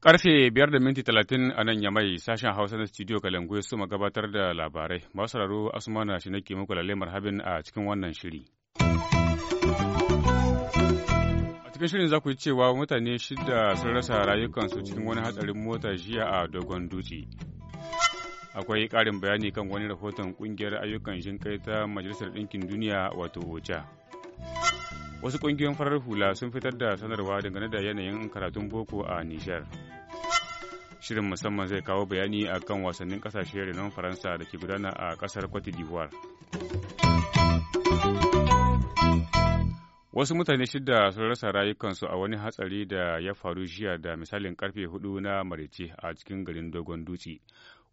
Karfe biyar da minti talatin a nan yamai sashen Hausa na studio Kalangu ya suma gabatar da labarai. Masu sauraro Asmana shi nake muku lalemar habin a cikin wannan shiri. A cikin shirin za ku yi cewa mutane shida sun rasa rayukansu cikin wani hatsarin mota jiya a dogon dutse akwai ƙarin bayani kan wani rahoton ƙungiyar ayyukan kai ta majalisar ɗinkin duniya wato ocha wasu ƙungiyoyin farar hula sun fitar da sanarwa dangane da yanayin karatun boko a nijar shirin musamman zai kawo bayani a kan wasannin ƙasashe renon faransa da ke gudana a ƙasar cote d'ivoire wasu mutane shida sun rasa rayukansu a wani hatsari da ya faru jiya da misalin karfe hudu na marice a cikin garin dogon dutse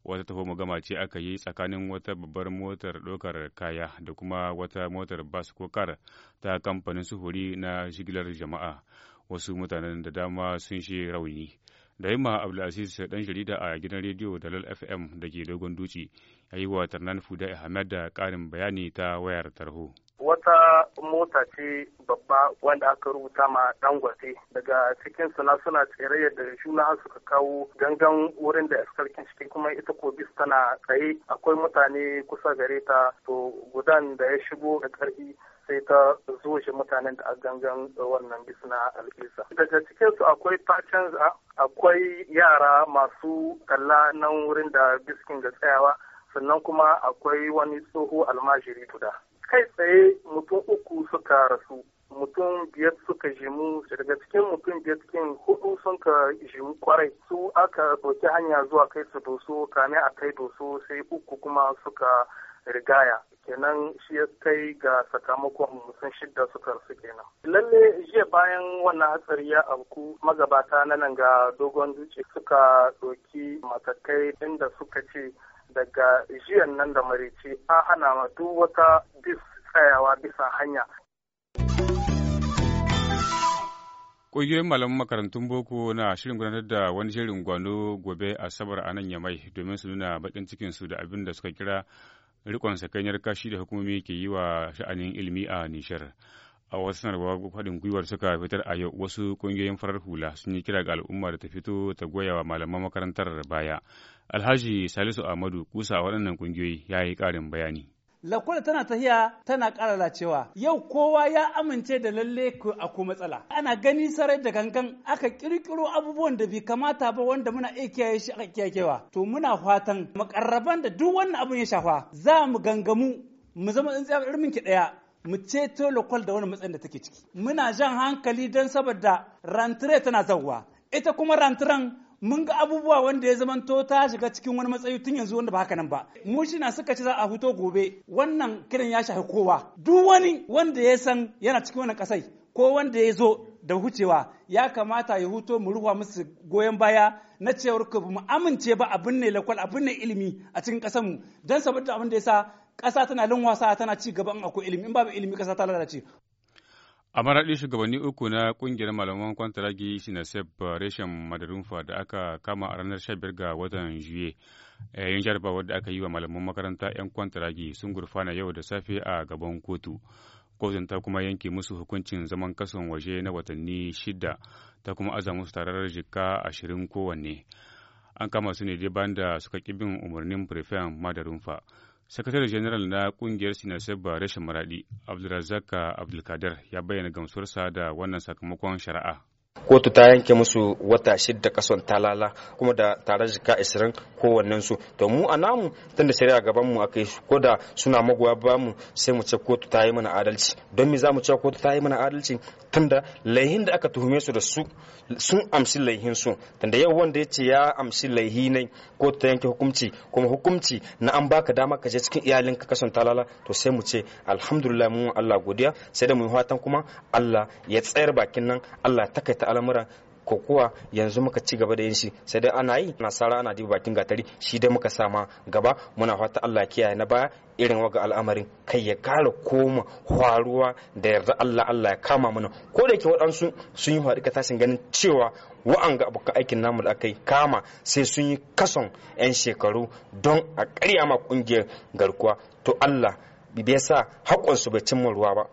wata taho gama ce aka yi tsakanin wata babbar motar ɗaukar kaya da kuma wata motar bas ko kar ta kamfanin sufuri na shigilar jama'a wasu mutanen da dama sun shi rauni da yamma abdulaziz dan jarida a gidan rediyo dalal fm da ke dogon duci ya yi wa Tarnan Fuda Ahmed da ƙarin bayani ta wayar tarho. wata mota ce babba wanda aka rubuta ma dangote daga cikin suna suna tsere da shuna suka kawo gangan wurin da iskarkin shi kuma ita ko bis tana tsaye akwai mutane kusa gare ta to gudan da ya shigo da karfi sai ta zo shi mutanen da a gangan wannan bisna al'isa. daga cikinsu akwai facen akwai yara masu kalla nan wurin da biskin ga tsayawa sannan kuma akwai wani tsoho almajiri guda kai tsaye mutum uku suka rasu mutum biyar suka jimu daga cikin mutum biyar cikin hudu sun ka jimu kwarai su aka ɗauki hanya zuwa kai su doso kane a kai doso sai uku kuma suka rigaya kenan shi ya kai ga sakamakon sun shidda suka rasu kenan lalle jiya bayan wannan hatsari ya auku magabata na nan ga dogon duce suka ɗauki matakai inda suka ce daga jiyan nan da marici an hana ma wata bis tsayawa bisa hanya Ƙungiyoyin malaman makarantun boko na shirin gudanar da wani shirin gwano gobe a sabar a nan yamai domin su nuna bakin cikinsu da abin da suka kira rikon sakanyar kashi da hukumomi ke yi wa sha'anin ilimi a nishar. A wasu sanarwa haɗin gwiwar suka fitar a yau wasu ƙungiyoyin farar hula sun yi kira ga al'umma da ta fito ta goya wa malaman makarantar baya. Alhaji Salisu Ahmadu kusa waɗannan ƙungiyoyi ya yi ƙarin bayani. lakwal tana tahiya tana ƙara lacewa yau kowa ya amince da lalle ko matsala ana gani sarai da gangan aka kirkiro abubuwan da bai kamata ba wanda muna iya kiyaye shi aka kiyakewa. to muna fatan makarraban da duk wannan abun ya shafa za mu gangamu mu zama tsintsiyar irmin ki daya mu ceto lakwal da wani matsayin da take ciki muna jan hankali don saboda rantire tana za'uwa, ita kuma rantiran mun ga abubuwa wanda ya zamanto ta shiga cikin wani matsayi tun yanzu wanda ba haka nan ba mu shi na suka ci za a huto gobe wannan kiran ya shafi kowa duk wani wanda ya san yana cikin wannan kasai ko wanda ya zo da hucewa ya kamata ya huto mu ruwa musu goyon baya na cewar ku mu amince ba abin ne lakwal abin ne ilimi a cikin mu don saboda abin da yasa sa ƙasa tana wasa tana ci gaban akwai ilimi in babu ilimi kasa ta lalace a maraɗi shugabanni uku na ƙungiyar malaman kwantaragi sinasef eh, reshen madarunfa da aka kama a ranar 15 ga watan juye eh, yayin jarabawar da aka yi wa malaman makaranta 'yan kwantaragi sun gurfana yau da safe a gaban kotu kotun ta kuma yanke musu hukuncin zaman kason waje na watanni shida ta kuma aza musu tararar jika ashirin kowanne an kama su ne dai banda suka ƙi bin umarnin prefen madarunfa sakatare general na kungiyar sinasef ba rashin maradi abdulrazak abdulkadir ya bayyana gamsuwarsa da wannan sakamakon shari'a kotu ta yanke musu wata shidda kason talala kuma da tare jika ishirin kowannen su to mu a namu tunda shari'a gaban mu akai ko da suna magoya ba mu sai mu ce kotu ta yi mana adalci don me za mu ce kotu ta yi mana adalci tunda laihin da aka tuhume su da su sun amshi laihin su tunda yau wanda ya ce ya amshi laihi ne kotu ta yanke hukunci kuma hukunci na an baka dama ka je cikin iyalin ka kason talala to sai mu ce alhamdulillah mun Allah godiya sai da mu fatan kuma Allah ya tsayar bakin nan Allah takaita ta al'amura ko kuwa yanzu muka ci gaba da yin shi sai dai ana yi ana sara ana diba bakin gatari shi dai muka sama gaba muna fata Allah ya kiyaye na baya irin waga al'amarin kai ya kara koma faruwa da yarda Allah Allah ya kama mana ko da yake waɗansu sun yi faɗi tashin ganin cewa wa'anga abokan aikin namu da aka yi kama sai sun yi kason 'yan shekaru don a ƙarya ma ƙungiyar garkuwa to Allah bai sa su bai cimma ruwa ba.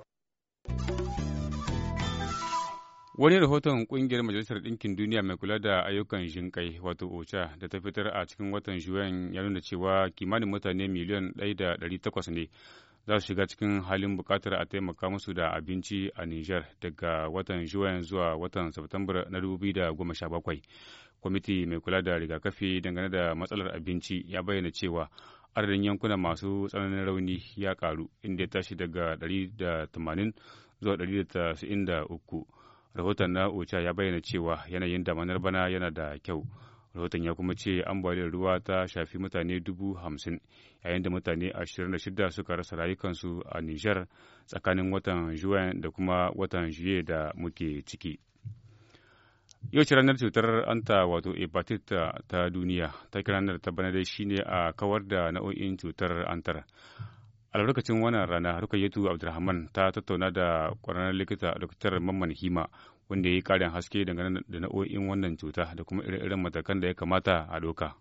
Wani rahoton kungiyar Majalisar Ɗinkin Duniya mai kula da ayyukan jinƙai wato OCHA da ta fitar a cikin watan Juyen ya nuna cewa kimanin mutane miliyan ɗaya da ɗari takwas ne za su shiga cikin halin buƙatar a taimaka musu da abinci a Nijar daga watan Juyen zuwa watan Satumbar na dubu da bakwai. Kwamiti mai kula da rigakafi dangane da matsalar abinci ya bayyana cewa adadin yankuna masu tsananin rauni ya ƙaru inda ya tashi daga ɗari zuwa ɗari uku. rahoton na ocha ya bayyana cewa yanayin da damanar bana yana da kyau rahoton ya kuma ce ambaliyar ruwa ta shafi mutane dubu hamsin yayin da mutane ashirin da shida suka rasa rayukansu a nijar tsakanin watan juwan da kuma watan juye da muke ciki yau ci ranar cutar anta wato hepatitis ta duniya ta ranar ta bana dai shine a kawar da nau'in cutar antar albarkacin wannan rana yatu abdulrahman ta tattauna da kwararren likita dr mamman hima wanda ya yi karin haske dangane da nau'o'in wannan cuta da kuma irin matakan da ya kamata a doka.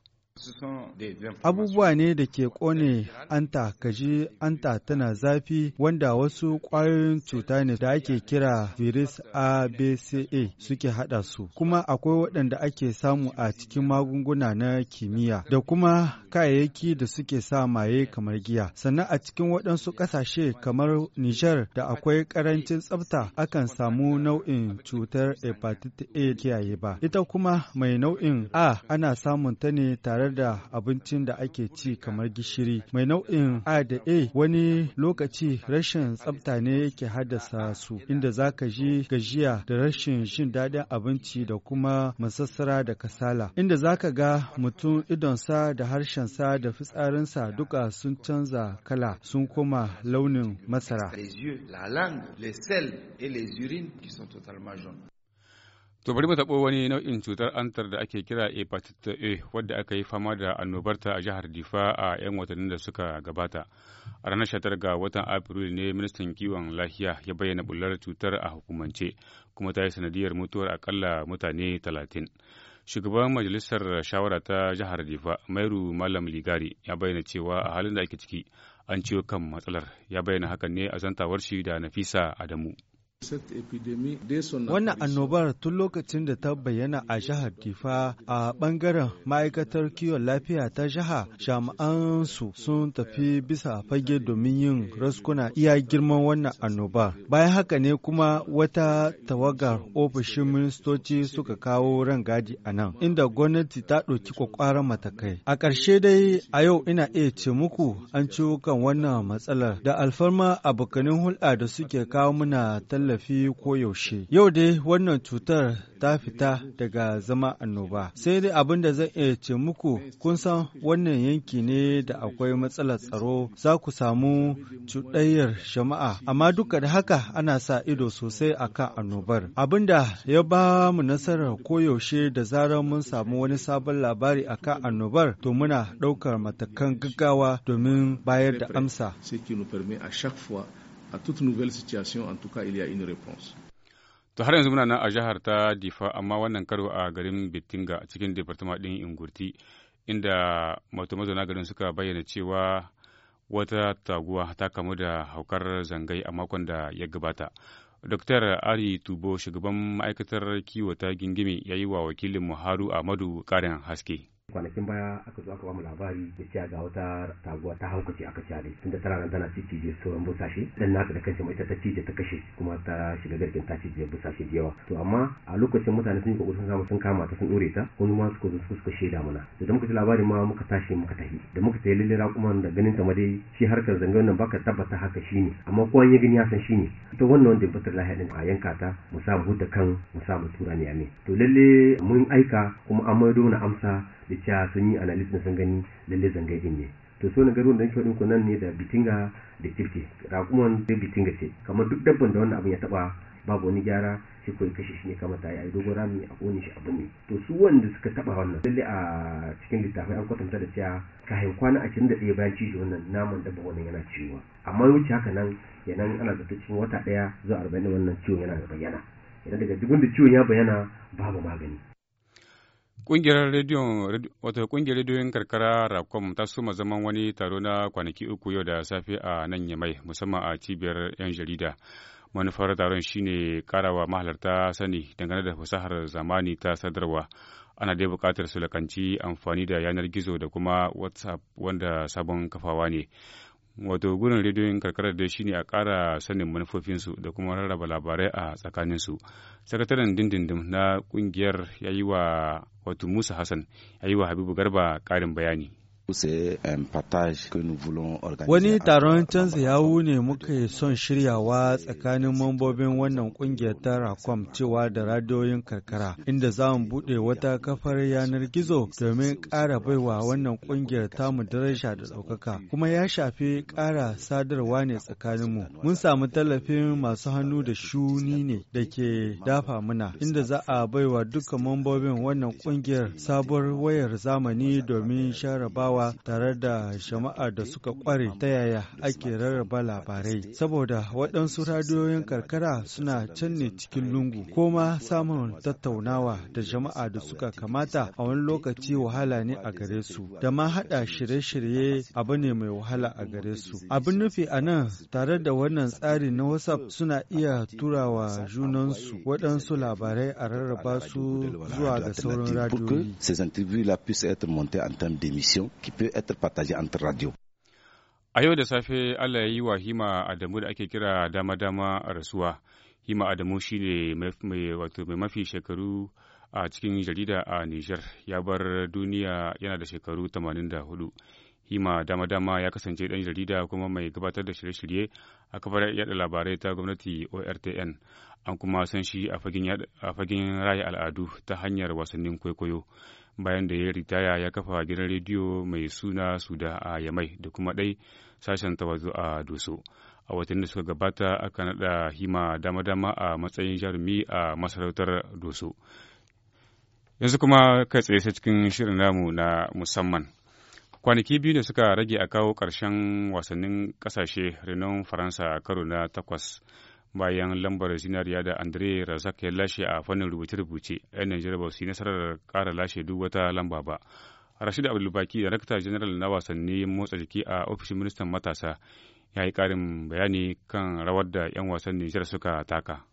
Abubuwa ne da ke ƙone anta kaji anta tana zafi wanda wasu ƙwayoyin cuta ne da ake kira virus ABCA suke haɗa su, kuma akwai waɗanda ake samu a cikin magunguna na kimiyya da kuma kayayyaki da suke sa maye kamar giya. Sannan a cikin waɗansu ƙasashe kamar Nijar da akwai ƙarancin tsafta akan samu nau'in cutar hepatitis A kiyaye ba. Ita kuma mai nau'in A ana samun ta ne tare tare da abincin da ake ci kamar gishiri. Mai nau'in A da A wani lokaci rashin tsafta ne yake haddasa su, inda za ka ji gajiya da rashin jin daɗin abinci da kuma masassara da kasala. Inda za ka ga mutum idonsa da harshensa da fitsarinsa duka sun canza kala sun koma launin masara. To bari mu taɓo wani nau'in cutar antar da ake kira hepatitis A wadda aka yi fama da annobarta a jihar Difa a 'yan watannin da suka gabata. A ranar shatar ga watan Afrilu ne ministan kiwon lafiya ya bayyana bullar cutar a hukumance kuma ta yi sanadiyar mutuwar akalla mutane 30. Shugaban majalisar shawara ta jihar Difa, Mairu Malam Ligari, ya bayyana cewa a halin da ake ciki an ciwo kan matsalar. Ya bayyana hakan ne a zantawar shi da Nafisa Adamu. Wannan annobar tun lokacin da ta bayyana a jihar Difa a bangaren ma'aikatar kiwon lafiya ta jiha su sun tafi bisa fage domin yin raskuna iya girman wannan annobar. Bayan haka ne kuma wata tawagar ofishin ministoci suka kawo rangadi a nan, inda gwamnati ta ɗauki kwakwaran matakai. A ƙarshe dai a yau ina iya ce muku an ciwo kan wannan matsalar da alfarma abokanin hulɗa da suke kawo muna tallafi tallafi koyaushe. Yau dai wannan cutar ta fita daga zama annoba. Sai dai abin da zan iya ce muku kun san wannan yanki ne da akwai matsalar tsaro za ku samu cuɗayyar jama'a. Amma duka da haka ana sa ido sosai a akan annobar. Abin da ya ba mu nasarar koyaushe da zarar mun samu wani sabon labari a akan annobar to muna ɗaukar matakan gaggawa domin bayar da amsa. a toute nouvelle situation, en tout cas, il y a une réponse. To har yanzu muna nan a jihar ta Difa amma wannan karo a garin Bitinga a cikin departement ɗin Ingurti inda mato mazauna garin suka bayyana cewa wata taguwa ta kamu da haukar zangai a makon da ya gabata. Dr. Ari Tubo shugaban ma'aikatar kiwo ta gingimi ya yi wa wakilin Muharu Ahmadu ƙarin haske. kwanakin baya aka zo aka bamu labari da cewa ga wata taguwa ta ce aka cale tunda tana nan tana ci cije sauran busashe dan naka da kanta mai ta cije ta kashe kuma ta shiga garkin ta cije busashe da yawa to amma a lokacin mutane sun yi kokarin samu sun kama ta sun dore ta kuma ma suka zo suka shaida mana da muka ji labari ma muka tashi muka tafi da muka tayi lalle kuma da ganin ta ma dai shi harkar zangon nan baka tabbata haka shi shine amma kowa ya gani ya san shine ita wannan wanda batar lahiya din a yanka ta mu samu mu kan mu sa mu tura ne to lalle mun aika kuma an maido na amsa da cewa sun yi analysis sun gani lalle zanga din ne to so na garuwan da nake faɗin nan ne da bitinga da kirke. raƙuman da bitinga ce kamar duk dabban da wannan abin ya taba babu wani gyara shi koyi kashe shi ne kamata ya yi dogon rami a kone shi abu ne to su wanda suka taba wannan lalle a cikin littafai an kwatanta da cewa kayan kwana ashirin da ɗaya bayan cizo wannan naman dabba wannan yana ciwo amma wuce haka nan yanan ana zata cikin wata ɗaya zuwa arba'in wannan ciwon yana bayyana idan daga dubin da ciwon ya bayyana babu magani Ƙungiyar rediyon wata ƙungiyar rediyon karkara Rakom ta suma zaman wani taro na kwanaki uku yau da safe a nan mai musamman a cibiyar 'yan jarida. Manufar taron shine karawa mahalarta sani dangane da fasahar zamani ta sadarwa. Ana dai buƙatar su lakanci amfani da yanar gizo da kuma WhatsApp wanda sabon kafawa ne. wato gurin rediyon karkarar da shi ne a ƙara sanin manufofinsu da kuma rarraba labarai a tsakaninsu sakataren dindindim na ƙungiyar ya yi wa wato musa hassan ya yi wa habibu garba ƙarin bayani Euh, Wani taron canza yawu ne muka son shiryawa tsakanin mambobin wannan kungiyar ta Rakom cewa da radiyoyin karkara, inda za mu buɗe wata kafar yanar gizo domin ƙara baiwa wannan kungiyar tamu daraja da ɗaukaka, kuma ya shafi ƙara sadarwa ne tsakaninmu. Mun samu tallafin masu hannu da shuni ne da ke dafa mana inda za a baiwa duka mambobin wannan kungiyar sabuwar wayar zamani domin sharabawa. sadarwa tare da jama'a da suka kware ta yaya ake rarraba labarai saboda waɗansu radiyoyin karkara suna can ne cikin lungu ko ma samun tattaunawa da jama'a da suka kamata a wani lokaci wahala ne a gare su da ma haɗa shirye-shirye abu ne mai wahala a gare su abin nufi a nan tare da wannan tsari na whatsapp suna iya turawa junansu waɗansu labarai a rarraba su zuwa ga sauran radiyoyi qui peut être partagé entre radio. A yau da safe Allah ya yi wa Hima Adamu da ake kira dama-dama rasuwa. Hima Adamu shi ne mai mafi shekaru a cikin jarida a Nijar ya bar duniya yana da shekaru 84. Hima dama-dama ya kasance ɗan jarida kuma mai gabatar da shirye-shirye a kafar yada labarai ta gwamnati ORTN. An kuma san shi a fagen raya al'adu ta hanyar wasannin kwaikwayo. bayan da ya ritaya ya kafa gidan rediyo mai suna suda a yamai da kuma ɗai sashen tawazu a doso a watan da suka gabata aka naɗa hima dama-dama a matsayin jarumi a masarautar doso yanzu kuma kai tsaye sai cikin shirin namu na musamman kwanaki biyu da suka rage a kawo ƙarshen wasannin ƙasashe renon faransa karo na takwas bayan lambar zinariya da andre razak ya lashe a fannin rubuce-rubuce yan najeriya ba su yi nasarar kara lashe duk wata lamba ba rashid abdulbaki darakta general na wasanni motsa jiki a ofishin ministan matasa ya yi karin bayani kan rawar da 'yan wasan nijar suka taka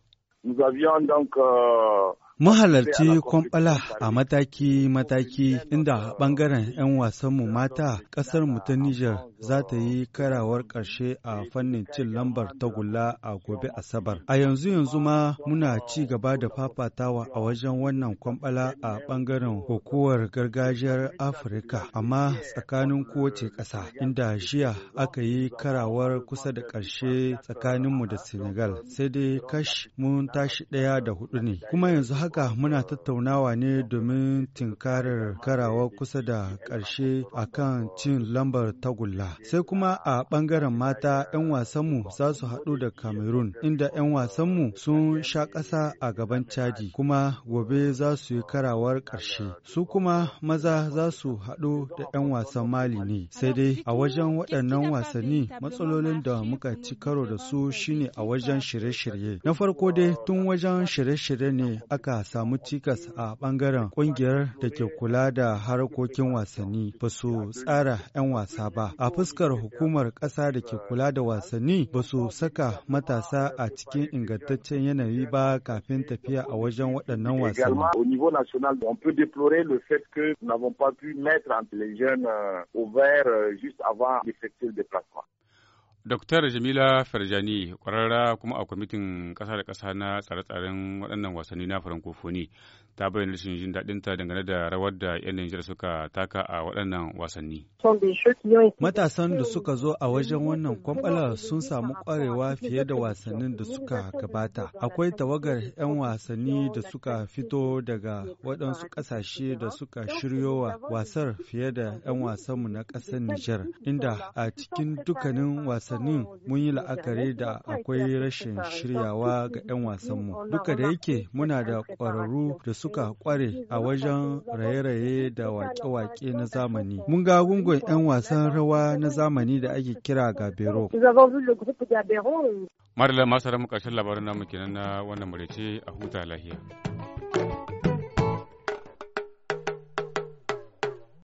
Mahalarci kwamfala a mataki-mataki inda ɓangaren 'yan wasanmu mata ƙasar mu ta Nijar za ta yi karawar ƙarshe a fannin cin lambar tagulla a gobe Asabar. A yanzu yanzu ma muna ci gaba da fafatawa a wajen wannan kwamfala a ɓangaren hukumar gargajiyar Afirka, amma tsakanin kowace ƙasa inda jiya aka yi karawar kusa da ƙarshe tsakaninmu da Senegal. Sai dai kash mun tashi ɗaya da hudu ne. Kuma yanzu haka muna tattaunawa ne domin tinkarar karawa kusa da ƙarshe kan cin lambar tagulla. Sai kuma a ɓangaren mata 'yan wasanmu za su haɗu da Cameroon, inda 'yan wasanmu sun sha ƙasa a gaban Chadi, kuma gobe za su yi karawar ƙarshe. Su kuma maza za su haɗu da 'yan wasan Mali ne. Sai dai a wajen waɗannan wasanni matsalolin da muka ci karo da su shine a wajen shirye-shirye. Na farko dai tun wajen shirye-shirye ne aka samu cikas a bangaren ƙungiyar da ke kula da harkokin wasanni ba su tsara 'yan wasa ba. A fuskar hukumar ƙasa da ke kula da wasanni ba su saka matasa a cikin ingantaccen yanayi ba kafin tafiya a wajen waɗannan wasanni. Dr. Jamila Farjani kwararra kuma a kwamitin ƙasa da ƙasa na tsare-tsaren waɗannan wasanni na farankofoni ta bayyana rashin jin daɗinta dangane da rawar da 'yan Nijar suka taka a waɗannan wasanni. Matasan da suka zo a wajen wannan kwamfala sun samu ƙwarewa fiye da wasannin da suka gabata. Akwai tawagar 'yan wasanni da suka fito daga waɗansu ƙasashe da suka shiryowa wasar fiye da 'yan wasanmu na ƙasar Nijar, inda a cikin dukkanin wasannin mun yi la'akari da akwai rashin shiryawa ga 'yan wasanmu. Duka da yake muna da ƙwararru da suka suka kware a wajen raye-raye da wake-wake na zamani. Mun ga gungun 'yan wasan rawa na zamani da ake kira Gabero. Marla masu ramu ƙarshen labarin namu kenan na wannan murece a huta lahiya.